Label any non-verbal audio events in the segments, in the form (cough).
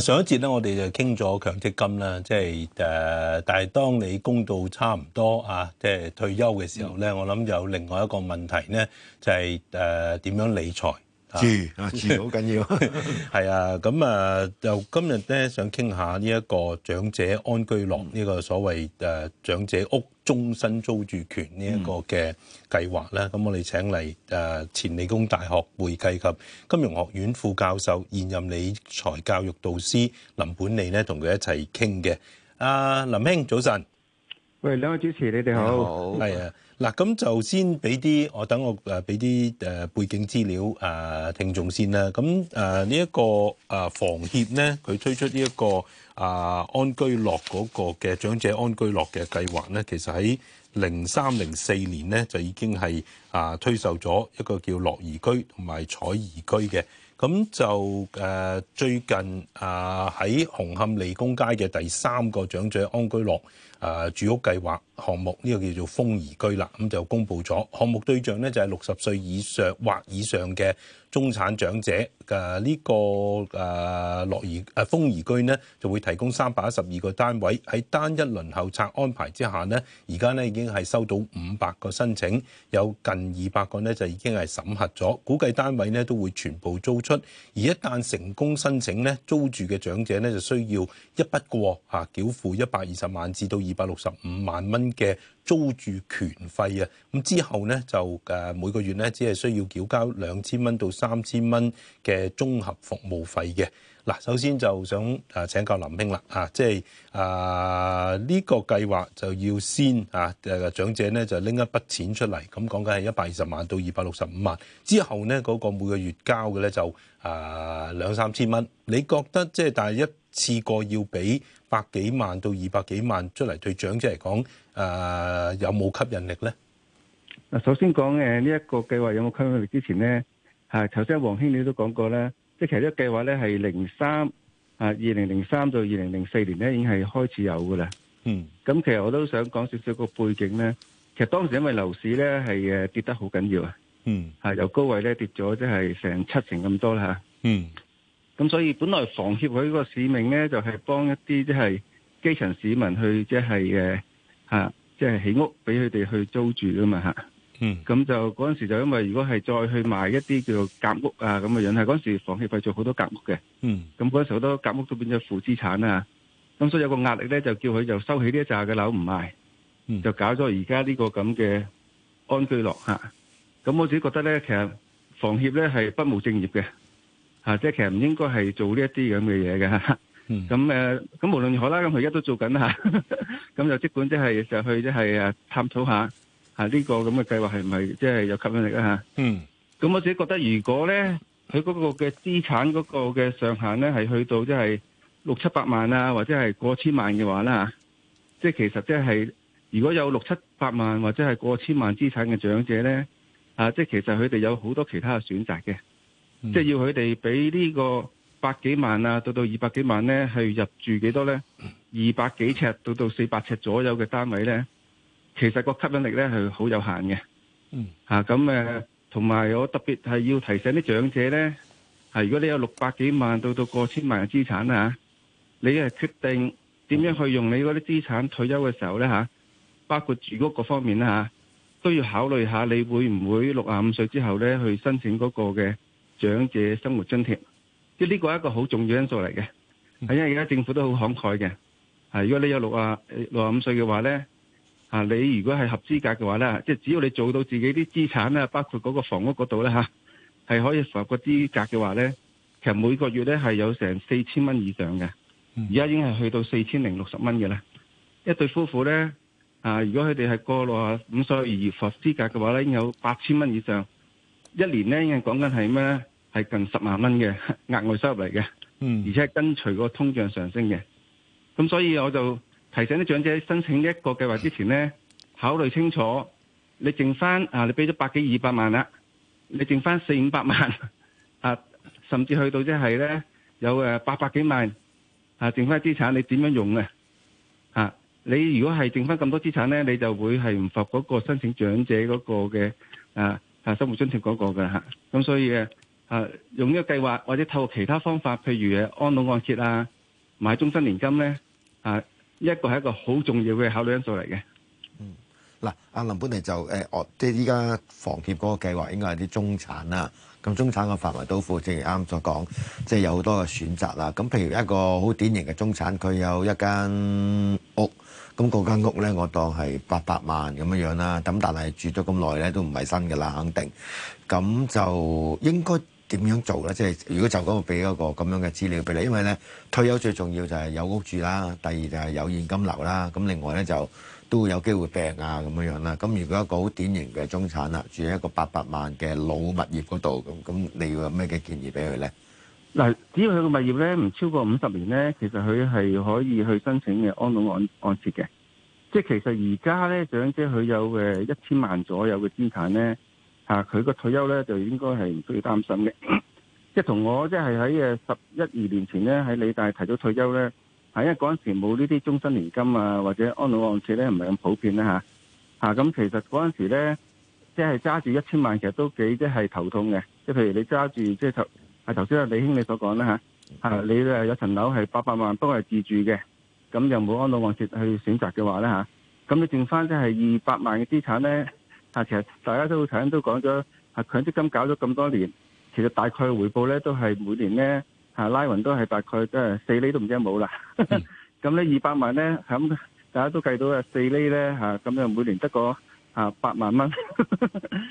上一節咧，我哋就傾咗強積金啦，即係誒，但係當你供到差唔多啊，即係退休嘅時候咧，我諗有另外一個問題咧，就係誒點樣理財？住啊，住好緊要，係啊，咁啊，就今日咧想傾下呢一個長者安居樂呢個所謂誒長者屋，終身租住權呢一個嘅計劃啦。咁、嗯、我哋請嚟誒、呃、前理工大學會計及金融學院副教授、現任理財教育導師林本利咧，同佢一齊傾嘅。阿、呃、林兄早晨，喂，兩位主持你哋好。係啊。嗱，咁就先俾啲我等我誒、俾啲背景資料啊，聽眾先啦。咁呢一個誒、啊、房協咧，佢推出呢、這、一個誒、啊、安居樂嗰個嘅長者安居樂嘅計劃咧，其實喺零三零四年咧就已經係啊推售咗一個叫樂頤居同埋彩頤居嘅。咁就誒、啊、最近啊喺紅磡利工街嘅第三個長者安居樂。誒、啊、住屋計劃項目呢、這個叫做豐頤居啦，咁、嗯、就公布咗項目對象呢就係六十歲以上或以上嘅中產長者嘅呢、啊這個誒、啊啊、豐頤居呢就會提供三百一十二個單位，喺單一輪候冊安排之下呢，而家呢已經係收到五百個申請，有近二百個呢就已經係審核咗，估計單位呢都會全部租出，而一旦成功申請呢，租住嘅長者呢就需要一筆過嚇、啊、繳付一百二十萬至到。二百六十五萬蚊嘅租住權費啊，咁之後咧就誒每個月咧只係需要繳交兩千蚊到三千蚊嘅綜合服務費嘅。嗱，首先就想誒請教林兄啦啊，即係誒呢個計劃就要先啊誒長者咧就拎一筆錢出嚟，咁講緊係一百二十萬到二百六十五萬，之後咧嗰個每個月交嘅咧就誒兩三千蚊。你覺得即係但係一次過要俾百幾萬到二百幾萬出嚟，對長者嚟講，誒有冇吸引力咧？嗱，首先講誒呢一個計劃有冇吸引力？之前咧，吓頭先黃兄你都講過咧，即係其實呢個計劃咧係零三啊，二零零三到二零零四年咧已經係開始有噶啦。嗯，咁其實我都想講少少個背景咧。其實當時因為樓市咧係誒跌得好緊要啊。嗯。吓由高位咧跌咗，即係成七成咁多啦吓。嗯。咁所以本來房協佢個使命咧，就係幫一啲即係基層市民去即係誒吓，即係起屋俾佢哋去租住噶嘛吓嗯，咁就嗰陣時就因為如果係再去賣一啲叫做夾屋啊咁嘅樣，係嗰陣時房協佢做好多夾屋嘅。嗯，咁嗰陣時好多夾屋都變咗負資產啊。咁所以有個壓力咧，就叫佢就收起呢一紮嘅樓唔賣，就搞咗而家呢個咁嘅安居樂吓。咁我自己覺得咧，其實房協咧係不務正業嘅。啊！即係其實唔應該係做呢一啲咁嘅嘢嘅。嗯。咁、啊、誒，咁無論如何啦，咁佢而家都在做緊啦嚇。咁就即管即係就去即係啊，探討下啊呢個咁嘅計劃係唔係即係有吸引力啊嚇？嗯。咁我自己覺得，如果咧佢嗰個嘅資產嗰個嘅上限咧係去到即係六七百萬啊，或者係過千萬嘅話咧嚇，即係其實即係如果有六七百萬或者係過千萬資產嘅長者咧，啊，即係其實佢哋有好多其他嘅選擇嘅。嗯、即係要佢哋俾呢個百幾萬啊，到到二百幾萬呢，去入住幾多呢？二百幾尺到到四百尺左右嘅單位呢，其實個吸引力呢係好有限嘅。嗯，吓咁誒，同埋我特別係要提醒啲長者呢，係、啊、如果你有六百幾萬到到過千萬嘅資產啊，你係決定點樣去用你嗰啲資產退休嘅時候呢？吓、啊，包括住屋各方面呢，吓、啊，都要考慮下你會唔會六十五歲之後呢，去申請嗰、嗰個嘅。長者生活津貼，即係呢個係一個好重要的因素嚟嘅，係因為而家政府都好慷慨嘅。係如果你有六啊六啊五歲嘅話咧，你如果係合資格嘅話咧，即係只要你做到自己啲資產，包括嗰個房屋嗰度咧吓，係可以符合個資格嘅話咧，其實每個月咧係有成四千蚊以上嘅，而家已經係去到四千零六十蚊嘅啦。一對夫婦咧，啊如果佢哋係過六啊五歲而合資格嘅話咧，已經有八千蚊以上。一年咧，講緊係咩咧？係近十萬蚊嘅額外收入嚟嘅，嗯，而且係跟隨個通脹上升嘅。咁所以我就提醒啲長者申請一個計劃之前咧，考慮清楚。你剩翻啊，你俾咗百幾二百萬啦，你剩翻四五百萬啊，甚至去到即係咧有誒八百幾萬啊，剩翻資產你點樣用啊？啊，你如果係剩翻咁多資產咧，你就會係唔符合個申請長者嗰個嘅啊。啊，生活津貼嗰個嘅嚇，咁所以誒啊，啊，用呢個計劃或者透過其他方法，譬如誒、啊、安老按揭啊、買終身年金咧，啊，呢一個係一個好重要嘅考慮因素嚟嘅。嗱，阿林本利就誒，我即係依家房協嗰個計劃，應該係啲中產啦。咁中產嘅範圍都負，正如啱啱所講，即係有好多嘅選擇啦。咁譬如一個好典型嘅中產，佢有一間屋，咁嗰間屋咧，我當係八百萬咁樣啦。咁但係住咗咁耐咧，都唔係新嘅啦，肯定。咁就應該點樣做咧？即係如果就咁，我俾一個咁樣嘅資料俾你，因為咧退休最重要就係有屋住啦，第二就係有現金流啦。咁另外咧就。都有機會病啊，咁樣樣啦。咁如果一個好典型嘅中產啦，住喺一個八百萬嘅老物業嗰度，咁咁你要有咩嘅建議俾佢咧？嗱，只要佢個物業咧唔超過五十年咧，其實佢係可以去申請嘅安老按揭嘅。即係其實而家咧，總之即係佢有誒一千萬左右嘅資產咧，嚇佢個退休咧就應該係唔需要擔心嘅。即係同我即係喺誒十一二年前咧喺理大提到退休咧。係，因為嗰陣時冇呢啲終身年金啊，或者安老按揭咧，唔係咁普遍啊。嚇。咁其實嗰陣時咧，即係揸住一千萬，其實都幾即係頭痛嘅。即係譬如你揸住即係頭係頭先阿李兄你所講啦，嚇你有層樓係八百萬，都係自住嘅，咁又冇安老按揭去選擇嘅話咧嚇，咁你剩翻即係二百萬嘅資產咧，嚇其實大家都頭先都講咗，係強積金搞咗咁多年，其實大概回報咧都係每年咧。嚇拉雲都係大概即四厘都唔知冇啦，咁、嗯、呢 (laughs) 二百萬咧，咁大家都計到啊，四厘咧咁、啊、就每年得個嚇、啊、八萬蚊，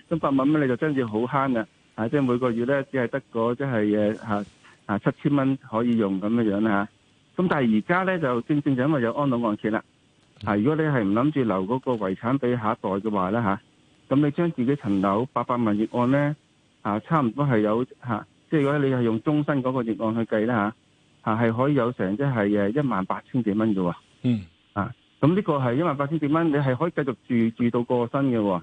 咁 (laughs) 八萬蚊你就將至好慳噶，即、啊、係、就是、每個月咧只係得個即係誒七千蚊可以用咁樣樣啦，咁但係而家咧就正正就因為有安老按揭啦，如果你係唔諗住留嗰個遺產俾下一代嘅話咧咁、啊、你將自己層樓八百萬按咧啊差唔多係有、啊即係你係用終身嗰個逆按去計啦，吓，吓係可以有成即係誒一萬八千幾蚊嘅喎。嗯。啊，咁呢個係一萬八千幾蚊，你係可以繼續住住到過身嘅喎。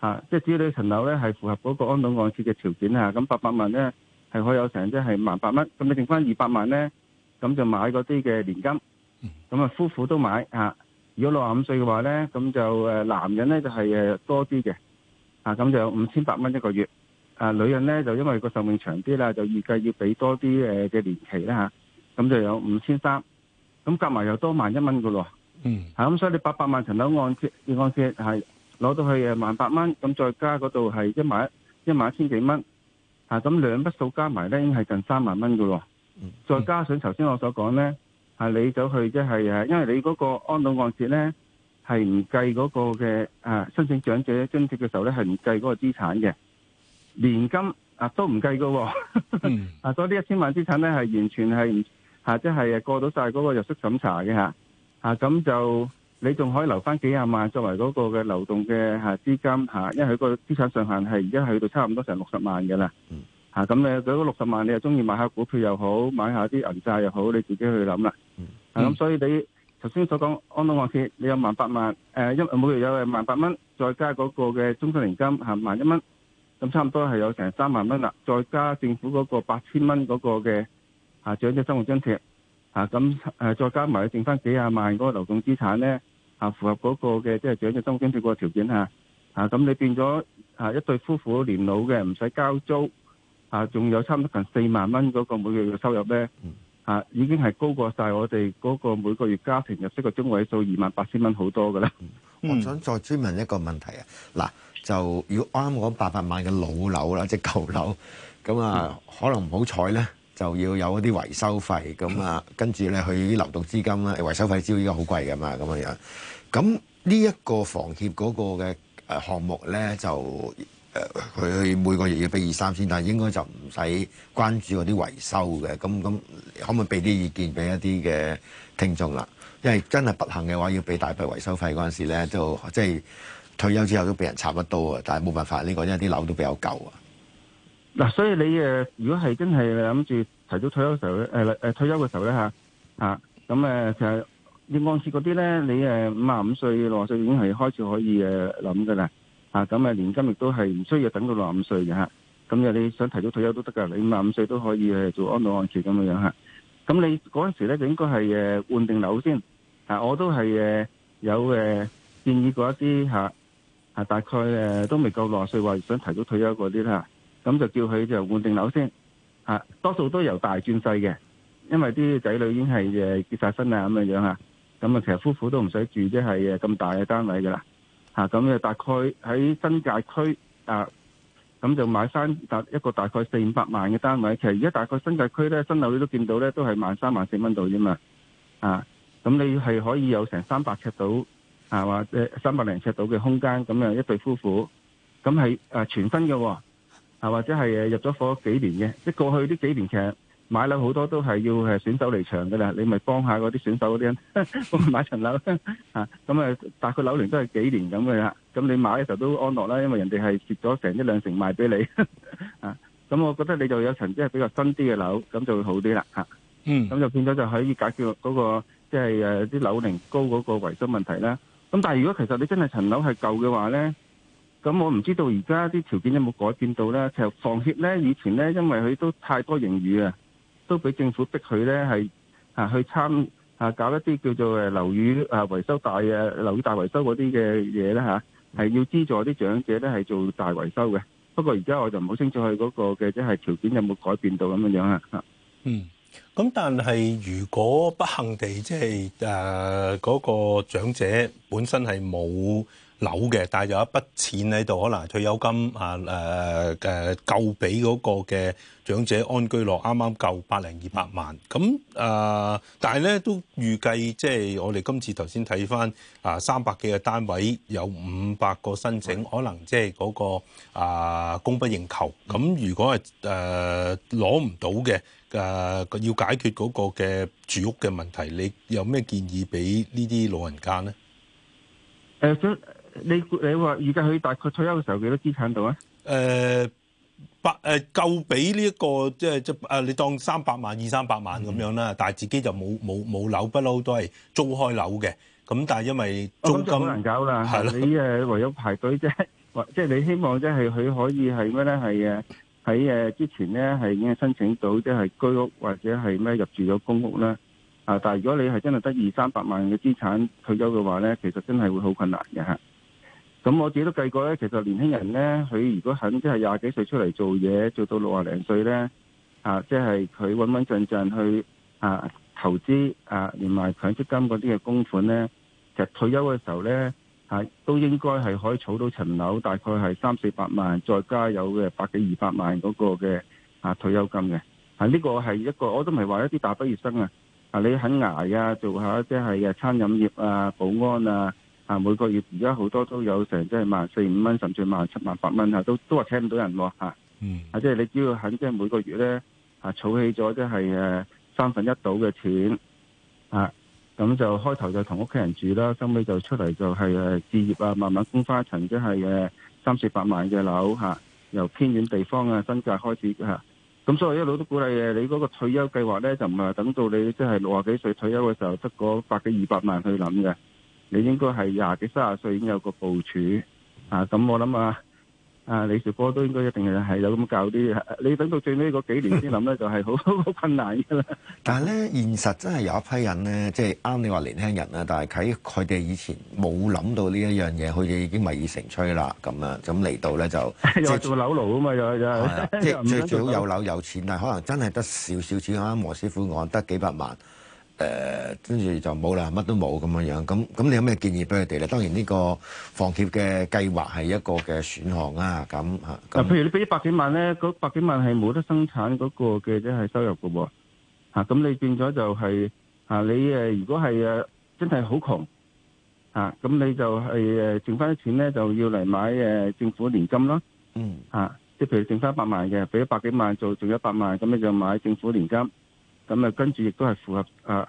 吓、啊，即係只要你層樓咧係符合嗰個安老按揭嘅條件啊，咁八百萬咧係可以有成即係萬八蚊。咁你剩翻，二百萬咧，咁就買嗰啲嘅年金。咁啊，夫婦都買啊。如果六十五歲嘅話咧，咁就誒男人咧就係誒多啲嘅。啊，咁就有五千八蚊一個月。啊、呃，女人咧就因為個壽命長啲啦，就預計要俾多啲誒嘅年期啦嚇，咁、啊、就有五千三，咁夾埋又多萬一蚊嘅咯。嗯，咁、啊，所以你八百萬層樓按揭，按揭係攞到去萬八蚊，咁再加嗰度係一萬一，一萬一千幾蚊。嚇，咁兩筆數加埋咧，已經係近三萬蚊嘅咯。嗯。再加上頭先我所講咧、啊，你走去即、就、係、是、因為你嗰個安老按揭咧係唔計嗰個嘅、啊、申請長者津貼嘅時候咧係唔計嗰個資產嘅。年金啊都唔計㗎喎，啊、哦 mm. 啊所以呢一千萬資產咧係完全係唔，嚇，即係過到晒嗰個入息審查嘅。啊咁，就你仲可以留翻幾廿萬作為嗰個嘅流動嘅嚇資金嚇、啊，因為佢個資產上限係而家去到差唔多成六十萬㗎啦，嚇、mm. 咁、啊那個、你佢個六十萬你又中意買下股票又好，買一下啲銀債又好，你自己去諗啦。Mm. 啊咁所以你頭先所講安老按揭，你有萬八萬誒一誒每個月有誒萬八蚊，再加嗰個嘅終身年金萬一蚊。啊 11, 咁差唔多係有成三萬蚊啦，再加政府嗰個八千蚊嗰個嘅啊長者生活津貼，啊咁誒再加埋，剩翻幾廿萬嗰個流動資產咧，啊符合嗰個嘅即係長者生活津貼嗰個條件嚇，啊咁你變咗啊一對夫婦年老嘅唔使交租，啊仲有差唔多近四萬蚊嗰個每個月嘅收入咧，啊已經係高過曬我哋嗰個每個月家庭入息嘅中位數二萬八千蚊好多㗎啦。我想再追問一個問題啊，嗱。就要啱嗰八百萬嘅老樓啦，即係舊樓咁啊，可能唔好彩咧，就要有一啲維修費咁啊，跟住咧佢啲流動資金啦，維修費招依家好貴噶嘛，咁樣樣。咁呢一個房協嗰個嘅誒項目咧，就誒佢每個月要俾二三千，但係應該就唔使關注嗰啲維修嘅。咁咁可唔可以俾啲意見俾一啲嘅聽眾啦？因為真係不幸嘅話，要俾大筆維修費嗰陣時咧，就即係。就是退休之後都俾人插得多啊！但係冇辦法，呢個因為啲樓都比較舊啊。嗱，所以你誒，如果係真係諗住提早退休嘅時候咧，誒誒退休嘅時候咧嚇，啊，咁誒其實按揭嗰啲咧，你誒五十五歲、六十歲已經係開始可以誒諗㗎啦。啊，咁誒年金亦都係唔需要等到六十五歲嘅嚇。咁又你想提早退休都得㗎，你五十五歲都可以誒做安老按揭咁嘅樣嚇。咁你嗰陣時咧就應該係誒換定樓先。啊，我都係誒有誒建議過一啲嚇。啊、大概誒、啊、都未夠六十歲，所以話想提早退休嗰啲啦，咁、啊、就叫佢就換定樓先。吓、啊，多數都由大轉細嘅，因為啲仔女已經係誒結晒婚啊咁樣樣啊，咁啊其實夫婦都唔使住即係誒咁大嘅單位噶啦。吓、啊，咁啊大概喺新界區啊，咁就買翻一個大概四五百萬嘅單位，其實而家大概新界區咧新樓你都見到咧都係萬三萬四蚊度啫嘛。啊，咁你係可以有成三百尺到。係話誒三百零尺度嘅空間，咁樣一對夫婦，咁係誒全新嘅，係或者係入咗貨幾年嘅，即係過去呢幾年其實買樓好多都係要誒選手離場噶啦，你咪幫下嗰啲選手嗰啲人買層樓啊，咁啊，但係大概樓齡都係幾年咁嘅啦，咁你買嘅時候都安樂啦，因為人哋係蝕咗成一兩成賣俾你啊，咁我覺得你就有層即係比較新啲嘅樓，咁就會好啲啦吓，嗯，咁就變咗就可以解決嗰個即係誒啲樓齡高嗰個維修問題啦。咁但係如果其實你真係層樓係舊嘅話咧，咁我唔知道而家啲條件有冇改變到咧。其實房協咧，以前咧因為佢都太多盈餘啊，都俾政府逼佢咧係啊去參啊搞一啲叫做誒樓宇啊維修大啊樓宇大維修嗰啲嘅嘢啦吓，係要資助啲長者咧係做大維修嘅。不過而家我就唔好清楚佢嗰個嘅即係條件有冇改變到咁樣樣啊。嗯。咁但係如果不幸地即係誒嗰個長者本身係冇。樓嘅，但係有一筆錢喺度，可能退休金啊，誒誒夠俾嗰個嘅長者安居樂，啱啱夠百零二百萬。咁啊，但係咧都預計即係、就是、我哋今次頭先睇翻啊，三百幾個單位有五百個申請，的可能即係嗰個啊供不應求。咁如果係誒攞唔到嘅誒、啊，要解決嗰個嘅住屋嘅問題，你有咩建議俾呢啲老人家咧？誒、uh, so 你你話而家佢大概退休嘅時候幾多資產度啊？誒，百誒夠俾呢一個即係即誒，你當三百萬二三百萬咁樣啦。但係自己就冇冇冇樓，不嬲都係租開樓嘅。咁但係因為租金難搞啦，係啦。你誒唯有排隊即係或即係你希望即係佢可以係咩咧？係誒喺誒之前咧係已經申請到即係居屋或者係咩入住咗公屋啦。啊！但係如果你係真係得二三百萬嘅資產退休嘅話咧，其實真係會好困難嘅吓。咁我自己都計過咧，其實年輕人咧，佢如果肯即係廿幾歲出嚟做嘢，做到六十零歲咧，啊，即係佢穩穩陣陣去啊投資啊，連埋強積金嗰啲嘅供款咧，其實退休嘅時候咧，啊，都應該係可以儲到層樓，大概係三四百萬，再加有嘅百幾二百萬嗰個嘅啊退休金嘅。啊，呢、這個係一個，我都唔係話一啲大畢業生啊，啊，你肯捱啊，做下即係嘅餐飲業啊，保安啊。啊！每個月而家好多都有成即係萬四五蚊，甚至萬七萬八蚊啊！都都話請唔到人喎啊，即係你只要肯，即係每個月咧啊，儲起咗即係誒三分一到嘅錢啊，咁就開頭就同屋企人住啦，收尾就出嚟就係誒置業啊，慢慢供翻一層即係誒三四百萬嘅樓嚇、啊，由偏遠地方啊，新界開始嚇。咁所以一路都鼓勵嘅，你嗰個退休計劃咧就唔係等到你即係六十幾歲退休嘅時候得嗰百幾二百萬去諗嘅。你應該係廿幾、卅歲已經有個部署，啊咁我諗啊，啊李兆波都應該一定係有咁教啲，你等到最尾個幾年先諗咧， (laughs) 就係好困難噶啦。但係咧，現實真係有一批人咧，即係啱你話年輕人啊。但係喺佢哋以前冇諗到呢一樣嘢，佢哋已經米已成炊啦，咁啊，咁嚟到咧就又做樓奴啊嘛，又又即係最最好有樓 (laughs) 有錢，但係可能真係得少少錢，啱啱黃師傅按得幾百萬。誒，跟住就冇啦，乜都冇咁樣樣。咁咁，你有咩建議俾佢哋咧？當然呢個房協嘅計劃係一個嘅選項啊。咁嚇，嗱，譬如你俾一百幾萬咧，嗰百幾萬係冇得生產嗰個嘅，即係收入嘅喎。嚇，咁你變咗就係嚇你誒，如果係誒真係好窮嚇，咁你就係誒剩翻啲錢咧，就要嚟買誒政府年金咯。嗯。嚇，即係譬如剩翻一百萬嘅，俾一百幾萬做，剩一百萬，咁你就買政府年金，咁啊，跟住亦都係符合啊！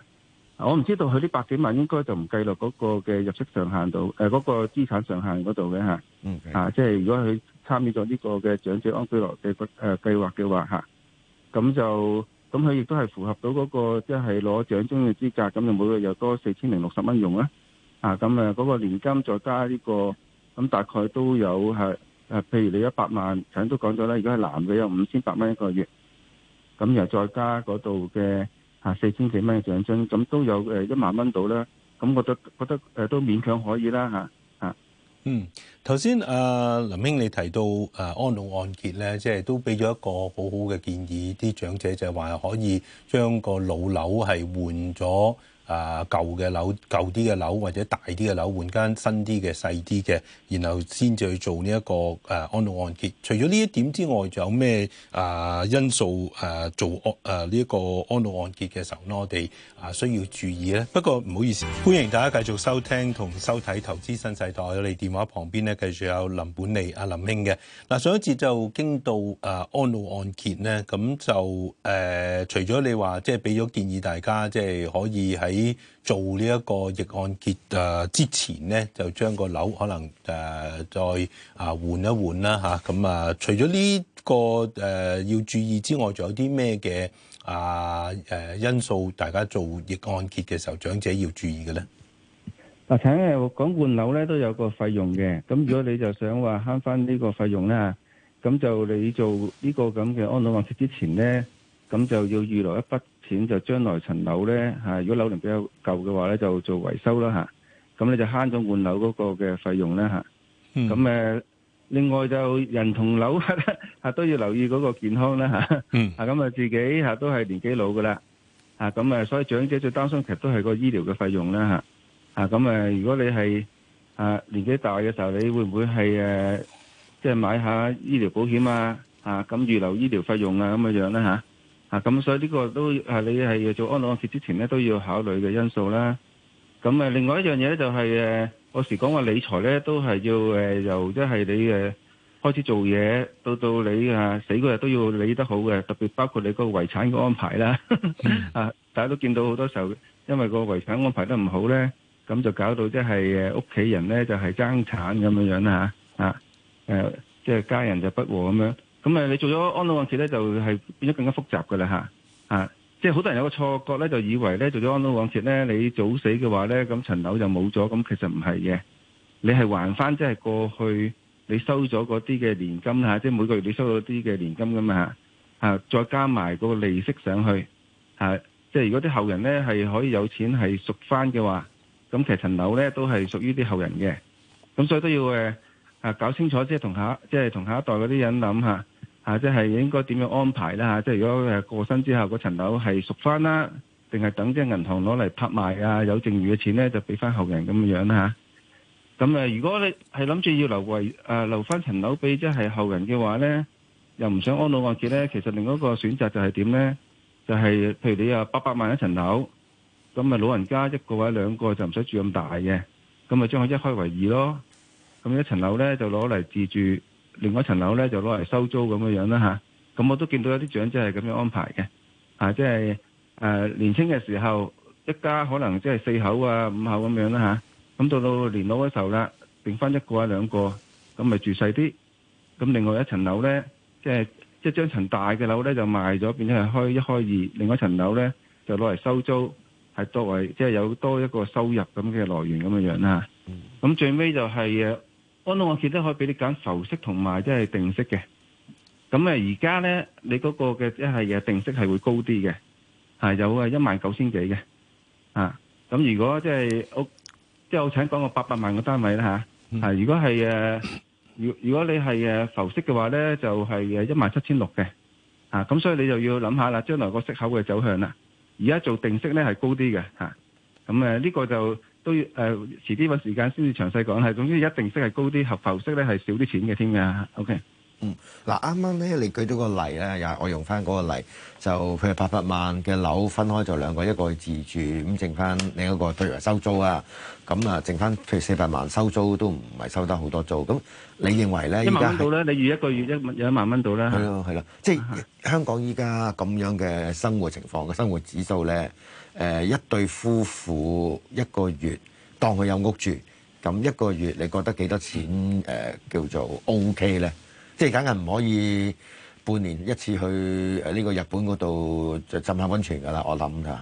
我唔知道佢呢百幾萬應該就唔計落嗰個嘅入息上限度，嗰、呃嗰個資產上限嗰度嘅啊，即係如果佢參與咗呢個嘅長者安居樂嘅誒計劃嘅話咁、啊啊啊、就咁佢亦都係符合到嗰、嗰個即係攞長津嘅資格，咁就每個月又多四千零六十蚊用啦。啊，咁啊嗰個年金再加呢、呢個，咁大概都有係、啊、譬如你一百萬，頭先都講咗啦，如果係男嘅有五千八蚊一個月。咁又再加嗰度嘅嚇四千幾蚊嘅獎金，咁都有誒一萬蚊到啦。咁我得覺得誒都勉強可以啦嚇嚇。嗯，頭先阿林兄你提到誒安老按揭咧，即係都俾咗一個好好嘅建議，啲長者就係話可以將個老樓係換咗。啊，舊嘅樓、舊啲嘅樓或者大啲嘅樓，換間新啲嘅細啲嘅，然後先至去做呢、這、一個誒、啊、安老按揭。除咗呢一點之外，仲有咩啊因素啊做呢一、啊這個安老按揭嘅時候呢？我哋啊需要注意咧。不過唔好意思，歡迎大家繼續收聽同收睇《投資新世代》。我哋電話旁邊咧，繼續有林本利、阿、啊、林英嘅林兄嘅。嗱、啊、上一節就傾到誒、啊、安老按揭咧，咁就、啊、除咗你話即係俾咗建議大家，即、就、係、是、可以喺喺做呢一個逆按揭啊之前咧，就將個樓可能誒再換換啊換一換啦吓，咁啊除咗呢、這個誒、啊、要注意之外，仲有啲咩嘅啊誒、啊、因素，大家做逆按揭嘅時候，長者要注意嘅咧？嗱、啊，請講換樓咧都有一個費用嘅，咁如果你就想話慳翻呢個費用咧，咁就你做呢個咁嘅安老按揭之前咧，咁就要預留一筆。錢就將來層樓咧吓，如果樓齡比較舊嘅話咧，就做維修啦吓。咁你就慳咗換樓嗰個嘅費用啦吓。咁誒，另外就人同樓啊都要留意嗰個健康啦吓。啊咁啊，自己啊都係年紀老噶啦。啊咁啊，所以長者最擔心其實都係個醫療嘅費用啦吓。啊咁啊，如果你係啊年紀大嘅時候，你會唔會係誒，即係買下醫療保險啊？啊咁預留醫療費用啊，咁樣樣咧吓。啊，咁所以呢個都係你係要做安老安排之前咧，都要考慮嘅因素啦。咁啊，另外一樣嘢咧就係誒，我時講話理財咧都係要誒，由即係你誒開始做嘢，到到你啊死嗰日都要理得好嘅。特別包括你個遺產嘅安排啦。啊，大家都見到好多時候，因為個遺產安排得唔好咧，咁就搞到即係誒屋企人咧就係爭產咁樣樣啦吓啊，誒即係家人就不和咁樣。咁你做咗安老按揭咧，就係、是、變咗更加複雜㗎啦吓，啊，即係好多人有個錯覺咧，就以為咧做咗安老按揭咧，你早死嘅話咧，咁層樓就冇咗，咁其實唔係嘅，你係還翻即係過去你收咗嗰啲嘅年金嚇，即、啊、係、就是、每個月你收咗啲嘅年金咁嘛。啊，再加埋個個利息上去，啊，即、就、係、是、如果啲後人咧係可以有錢係贖翻嘅話，咁其實層樓咧都係屬於啲後人嘅，咁所以都要誒啊搞清楚即係同下即係同下一代嗰啲人諗嚇。啊啊，即係應該點樣安排啦？吓、啊，即係如果誒過身之後嗰層樓係贖翻啦，定係等即係銀行攞嚟拍賣啊？有剩餘嘅錢咧，就俾翻後人咁嘅樣啦吓。咁、啊、誒，如果你係諗住要留為誒、啊、留翻層樓俾即係後人嘅話咧，又唔想安老按揭咧，其實另一個選擇就係點咧？就係、是、譬如你啊八百萬一層樓，咁啊老人家一個或者兩個就唔使住咁大嘅，咁啊將佢一開為二咯，咁一層樓咧就攞嚟自住。另外一層樓咧就攞嚟收租咁嘅樣啦嚇，咁我都見到有啲長者係咁樣安排嘅，啊即係誒年青嘅時候一家可能即係四口啊五口咁樣啦嚇，咁到到年老嘅時候啦，剩翻一個啊兩個，咁咪住細啲，咁另外一層樓咧即係即係將層大嘅樓咧就賣咗，變咗係開一開二，另外一層樓咧就攞嚟收租，係作為即係有多一個收入咁嘅來源咁嘅樣啦嚇。咁最尾就係誒。我覺得可以俾你揀浮息同埋即係定息嘅。咁誒，而家咧你嗰個嘅即係嘅定息係會高啲嘅，係有嘅一萬九千幾嘅。啊，咁如果即係屋，即係我請講個八百萬嘅單位啦嚇。啊，如果係誒，如如果你係誒浮息嘅話咧，就係誒一萬七千六嘅。啊，咁所以你就要諗下啦，將來個息口嘅走向啦。而家做定息咧係高啲嘅嚇。咁誒呢個就。都誒遲啲揾時間先至詳細講係，總之一定息係高啲，合浮息咧係少啲錢嘅添㗎。O K，嗯，嗱啱啱咧你舉到個例咧，又係我用翻嗰個例，就譬如八百萬嘅樓分開做兩個，一個去自住，咁剩翻另一個對外收租啊，咁啊剩翻譬如四百萬收租都唔係收得好多租。咁你認為咧？一萬蚊到咧，你預一個月一有一萬蚊到啦？係咯係咯，即係香港依家咁樣嘅生活情況嘅生活指數咧。誒、呃、一對夫婦一個月當佢有屋住，咁一個月你覺得幾多錢誒、呃、叫做 OK 咧？即係梗係唔可以半年一次去誒呢個日本嗰度就浸下溫泉㗎啦！我諗㗎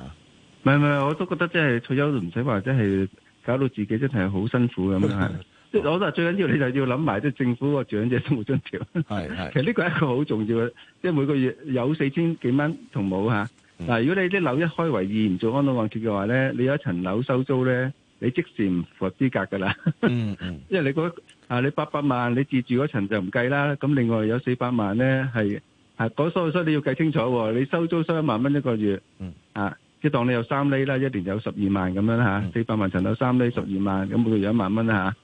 唔係唔係，我都覺得即係退休都唔使話，即係搞到自己真係好辛苦咁樣嚇。即係我覺得最緊要你就要諗埋即係政府個長者生活津貼。係是係。 (laughs) 是 (laughs) 其實呢個係一個好重要嘅，即係每個月有四千幾蚊同冇嚇。嗱、嗯，如果你啲樓一開為二，唔做安老按揭嘅話咧，你有一層樓收租咧，你即時唔符合資格噶啦、嗯。嗯，因為你得啊，你八百萬，你自住嗰層就唔計啦。咁另外有四百萬咧，係啊，所以你要計清楚。你收租收一萬蚊一個月，嗯，啊，即係當你有三厘啦，一年有十二萬咁樣吓，四、嗯、百萬層樓三厘十二萬，咁每個月有一萬蚊啊，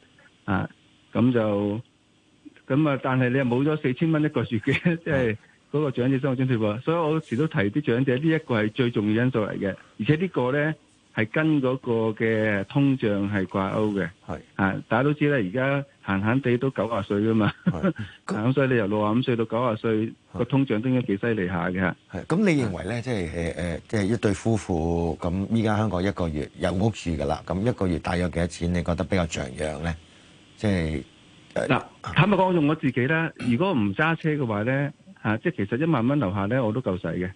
啊，咁就咁啊，但係你又冇咗四千蚊一個月嘅，即、啊、係。嗰、嗰個長者生活津貼，所以我時都提啲長者呢，一個係最重要因素嚟嘅，而且呢個咧，係跟嗰個嘅通脹係掛鈎嘅。係啊，大家都知呢，而家閒閒地都九十歲噶嘛，咁 (laughs) 所以你由六十五歲到九十歲，個通脹都應該幾犀利下嘅。咁，你認為咧，即係即係一對夫婦咁，依家香港一個月有屋住噶啦，咁一個月大約幾多錢？你覺得比較像樣咧？即係嗱，坦白講用我自己啦， (coughs) 如果唔揸車嘅話咧。啊，即係其實一萬蚊樓下咧，我都夠使嘅。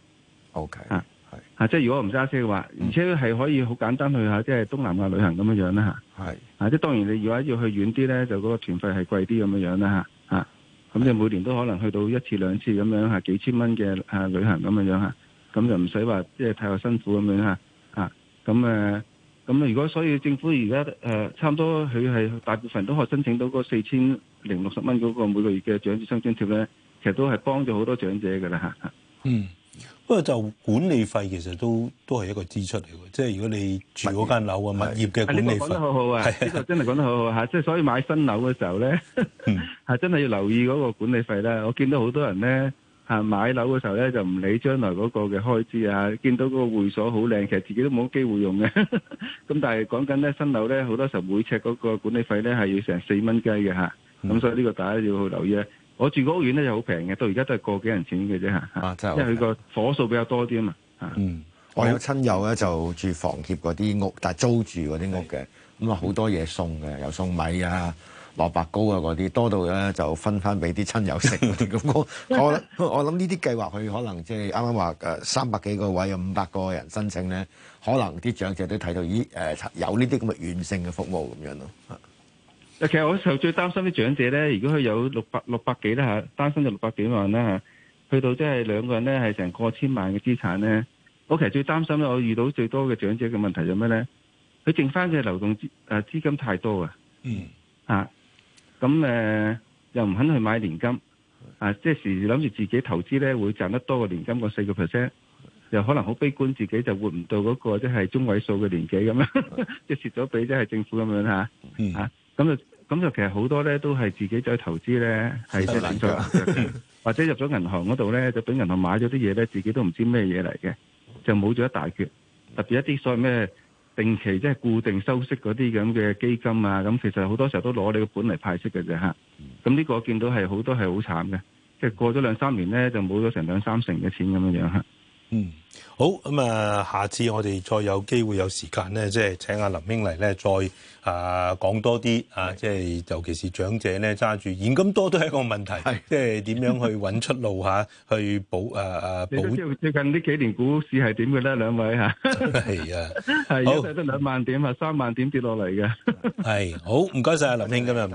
O K，啊係啊，即係如果我唔揸車嘅話，而且係可以好簡單去下，即係東南亞旅行咁樣樣吓。係啊,啊，即係當然你如果要去遠啲咧，就嗰個團費係貴啲咁樣樣啦吓。咁、啊啊、每年都可能去到一次兩次咁樣吓，幾千蚊嘅啊旅行咁樣樣吓，咁、啊、就唔使話即係太過辛苦咁樣吓咁誒，咁、啊啊啊、如果所以政府而家誒，差唔多佢係大部分都可以申請到嗰四千零六十蚊嗰個每個月嘅長者生津貼咧。啊其實都係幫咗好多長者噶啦吓，嗯，不過就管理費其實都都係一個支出嚟嘅，即係如果你住嗰間樓啊物業嘅管理費，呢個講得好好啊，呢個真係講得好好吓，即係所以買新樓嘅時候咧，係真係要留意嗰個管理費啦。我見到好多人咧吓買樓嘅時候咧就唔理將來嗰個嘅開支啊，見到嗰個會所好靚，其實自己都冇機會用嘅，咁但係講緊咧新樓咧好多時候每尺嗰個管理費咧係要成四蚊雞嘅吓，咁所以呢個大家要去留意啊。我住個屋苑咧就好平嘅，到而家都係個幾人錢嘅啫、啊、因為佢個火數比較多啲啊嘛。嗯，我有親友咧就住房協嗰啲屋，但係租住嗰啲屋嘅，咁啊好多嘢送嘅，又送米啊、蘿蔔糕啊嗰啲，多到咧就分翻俾啲親友食嗰啲咁。我我諗呢啲計劃，佢可能即係啱啱話三百幾個位有五百個人申請咧，可能啲長者都睇到咦有呢啲咁嘅完善嘅服務咁樣咯。其實我就最擔心啲長者咧，如果佢有六百六百幾啦吓，單身就六百幾萬啦吓，去到即係兩個人咧係成過千萬嘅資產咧，我其實最擔心咧，我遇到最多嘅長者嘅問題就咩咧？佢剩翻嘅流動資誒資金太多啊，嗯，吓，咁誒又唔肯去買年金，啊，即係時時諗住自己投資咧會賺得多過年金個四個 percent，又可能好悲觀，自己就活唔到嗰個即係中位數嘅年紀咁樣，即係蝕咗俾即係政府咁樣吓，嗯，吓。咁就咁就其實好多咧，都係自己再投資咧，係即係或者入咗銀行嗰度咧，就俾銀行買咗啲嘢咧，自己都唔知咩嘢嚟嘅，就冇咗一大橛。特別一啲所謂咩定期即係、就是、固定收息嗰啲咁嘅基金啊，咁其實好多時候都攞你個本嚟派息嘅啫吓。咁呢個我見到係好多係好慘嘅，即係過咗兩三年咧，就冇咗成兩三成嘅錢咁樣樣吓。嗯，好，咁啊，下次我哋再有機會有時間咧，即係請阿林兄嚟咧，再啊講多啲啊！即係尤其是長者咧，揸住現金多都係一個問題，即係點樣去揾出路吓，去保啊啊保！即係最近呢幾年股市係點嘅咧，兩位吓係啊，係而家都兩萬點啊，三萬點跌落嚟嘅。係好，唔該晒阿林兄今日。